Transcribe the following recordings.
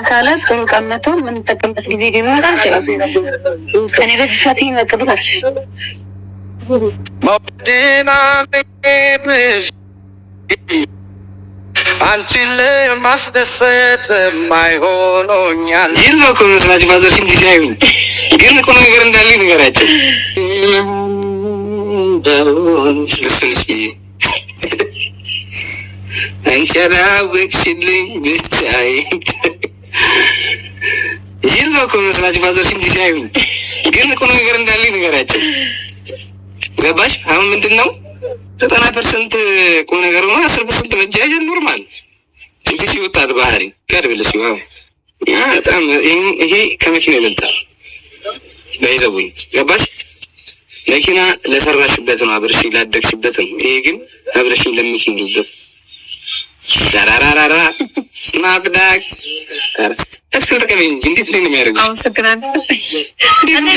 አካላት ጥሩ ቀን መጥቶ የምንጠቀምበት ጊዜ ሊመጣ ይችላል። እኔ አንቺን ለማስደሰት ነው እኮ ግን ነገር እንዳለ ብቻዬን ይህን ነው እኮ መስላችሁ ፋዘርሽ እንዲህ አይሆን ግን እኮ ነገር እንዳለ ንገራቸው። ገባሽ? አሁን ምንድን ነው ዘጠና ፐርሰንት ቁም ነገር ሆኖ አስር ፐርሰንት መጃጀን ኖርማል ትች ወጣት ባህሪ ጋር ብለሽ ዋ በጣም ይሄ ከመኪና ይበልጣል። ባይዘቡኝ ገባሽ? መኪና ለሰራሽበት ነው አብረሽ ላደግሽበት ነው። ይሄ ግን አብረሽ ለምትኖሪበት ዳራራራራ ስናፕዳክ እሱን ተቀበይ እንጂ እንዴት ነው የሚያደርገው? አመሰግናለሁ። እና አንቺ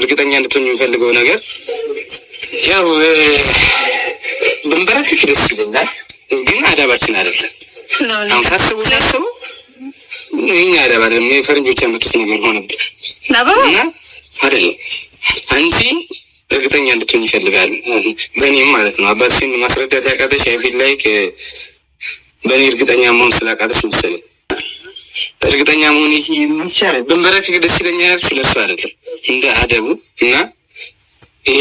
እርግጠኛ የሚፈልገው ነገር ያው ደስ ይለኛል፣ ግን አይደለም። አሁን ይሄን አደብ አደለም፣ የፈረንጆች ያመጡት ነገር ሆነብን እና አይደለም አንቺ እርግጠኛ እንድትሆን ይፈልጋል፣ በእኔም ማለት ነው። አባትሽን ማስረዳት ያቃተሽ አይፊል ላይ በእኔ እርግጠኛ መሆን ስላቃተሽ መሰለኝ። እርግጠኛ መሆን ይቻላል። ብንበረከክ ደስ ይለኛል ያልኩሽ ለሱ አይደለም እንደ አደቡ እና ይሄ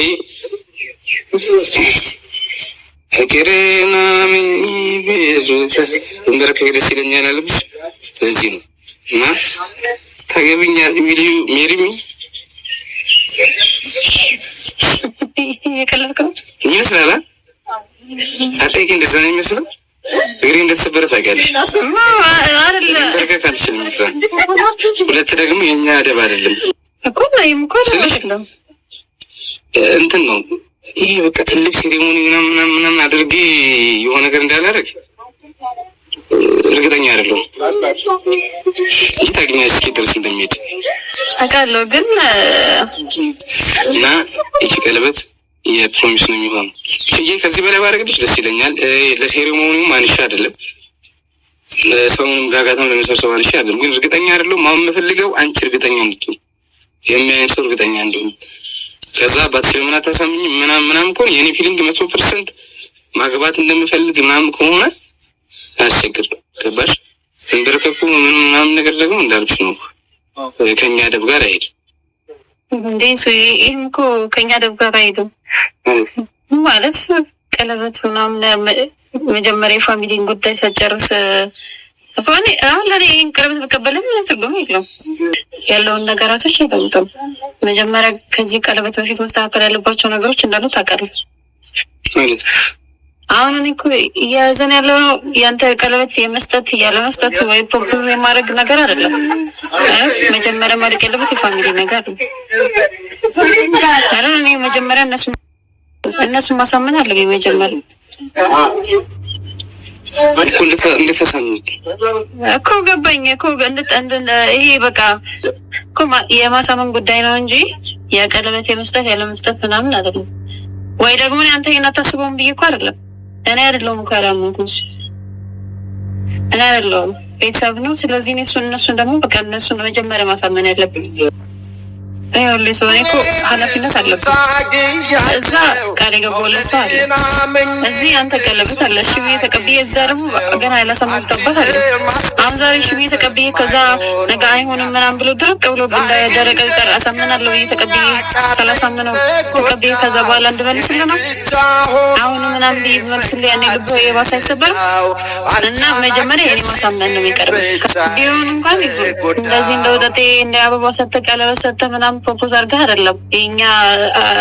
ፍቅር ናሚ ብዙ ወንበር ከሄደ አለብሽ። ስለዚህ ነው እና ታገቢኛል ሜሪሚ ይመስላል። አጠቂ እንደዛ ነው ይመስላል። እግሬ እንደተሰበረ ታውቂያለሽ። ሁለት ደግሞ የኛ አደብ አይደለም ስልሽ እንትን ነው ይህ በቃ ትልቅ ሴሪሞኒ ምናምን አድርጌ የሆነ ነገር እንዳላደርግ እርግጠኛ አይደለሁም። ይታግኛ እስኪ ድረስ እንደሚሄድ አውቃለሁ፣ ግን እና ይቺ ቀለበት የፕሮሚስ ነው የሚሆን ሽዬ ከዚህ በላይ ባደረግልሽ ደስ ይለኛል። ለሴሪሞኒው አንሻ አይደለም ሰውንም ጋጋታም ለመሰብሰብ አንሻ አይደለም፣ ግን እርግጠኛ አይደለሁም። አሁን የምፈልገው አንቺ እርግጠኛ እንድትሆን የሚያይን ሰው እርግጠኛ እንዲሆን ከዛ ባትሪ ምና ታሳምኝ ምናም ምናም ከሆነ የኔ ፊሊንግ መቶ ፐርሰንት ማግባት እንደምፈልግ ምናም ከሆነ አያስቸግር ገባሽ። እንደርከኩ ምን ምናም ነገር ደግሞ እንዳልኩሽ ነው ከኛ ደብ ጋር አይሄድም። እንዴ ይህም እኮ ከኛ ደብ ጋር አይሄድም ማለት ቀለበት ምናምን መጀመሪያ የፋሚሊን ጉዳይ ሳጨርስ አሁን ለእኔ ይህን ቅርበት መቀበልም ትርጉም የለውም። ያለውን ነገራቶች አይቀምጡም። መጀመሪያ ከዚህ ቀለበት በፊት መስተካከል ያለባቸው ነገሮች እንዳሉ ታውቃለህ። አሁን እኔ እኮ እያያዘን ያለው የአንተ ቀለበት የመስጠት ያለ ወይ ፕሮፖዝ የማድረግ ነገር አይደለም። መጀመሪያ ማድረግ ያለበት የፋሚሊ ነገር ነው። አሁን እኔ መጀመሪያ እነሱ እነሱን ማሳመን አለብኝ መጀመሪያ እኮ ገባኝ እኮ ይሄ በቃ እኮ የማሳመን ጉዳይ ነው እንጂ የቀለበት የመስጠት ያለመስጠት ምናምን አይደለም። ወይ ደግሞ አንተ ይሄን አታስበውም ብዬ እኮ አይደለም። እኔ አይደለሁም እኮ ያላመንኩት እኔ አይደለሁም ቤተሰብ ነው። ስለዚህ እነሱን እነሱን ደግሞ በቃ እነሱን መጀመሪያ ማሳመን ያለብን ይኸውልሽ እኔ እኮ ኃላፊነት አለብን። እዛ ቃል የገባሁለት ሰው አለ፣ እዚህ አንተ ቀለበት አለ እሺ ብዬ ተቀብዬ፣ እዛ ደግሞ ገና ያላሰማሁትበት አለ። አሁን ዛሬ እሺ ተቀብዬ፣ ከዛ ነገ አይሆንም ምናምን ብሎ ድርቅ ብሎ እንዳደረቀ ቀር አሳምናለሁ ብዬ ተቀብዬ ሳላሳምነው ተቀብዬ፣ ከዛ በኋላ እንድመልስልህ ነው አሁን ምናምን ብዬ ብመልስልህ ያኔ ልብህ የባሰ አይሰበርም። እና መጀመሪያ የኔ ማሳመን ነው የሚቀርብ። ቢሆን እንኳን ይዞ እንደዚህ እንደ ወጠጤ እንደ አበባ ሰተህ ቀለበት ሰተህ ምናምን ፕሮፖዝ አድርገህ አይደለም የኛ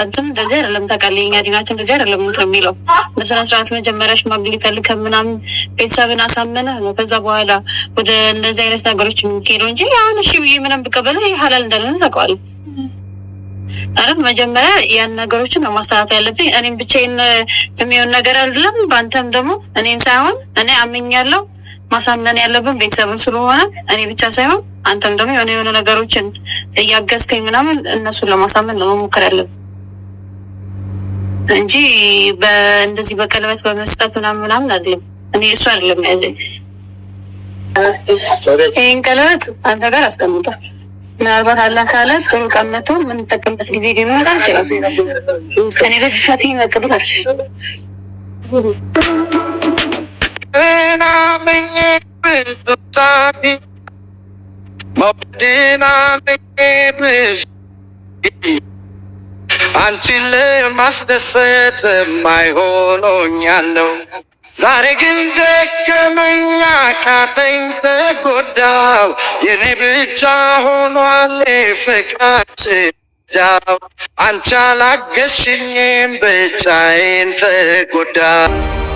እንትን እንደዚህ አይደለም ታውቃለህ፣ የኛ ዲናችን እንደዚህ አይደለም የሚለው በስነ ስርዓት መጀመሪያ ሽማግሌ ተልከህ ምናምን ቤተሰብን አሳመነህ ነው ከዛ በኋላ ወደ እንደዚህ አይነት ነገሮች የሚሄደው እንጂ አሁን እሺ ብዬ ምንም ብቀበለ ይህ ሀላል እንዳለን ታውቀዋለህ። አረ መጀመሪያ ያን ነገሮችን ነው ማስተካከል ያለብኝ። እኔም ብቻዬን የሚሆን ነገር አይደለም። በአንተም ደግሞ እኔን ሳይሆን እኔ አምኛለሁ ማሳመን ያለብን ቤተሰብን ስለሆነ እኔ ብቻ ሳይሆን አንተም ደግሞ የሆነ የሆነ ነገሮችን እያገዝከኝ ምናምን እነሱን ለማሳመን ነው መሞከር ያለብን እንጂ እንደዚህ በቀለበት በመስጠት ምናምን ምናምን አይደለም። እኔ እሱ አይደለም ያለ ይህን ቀለበት አንተ ጋር አስቀምጣ ምናልባት አላ ካለ ጥሩ ቀመቶ መቶ የምንጠቀምበት ጊዜ ሊኖር ይችላል። እኔ በዚህ ሰዓት መቀበል አንቺን ለማስደሰት ማይሆኖኛለው ዛሬ ግን ደከመኛ ካተኝ ተጎዳው የኔ ብቻ ሆኗል ፍቅራችን ዳው አንቺ አላገሽኝም ብቻዬን ተጎዳው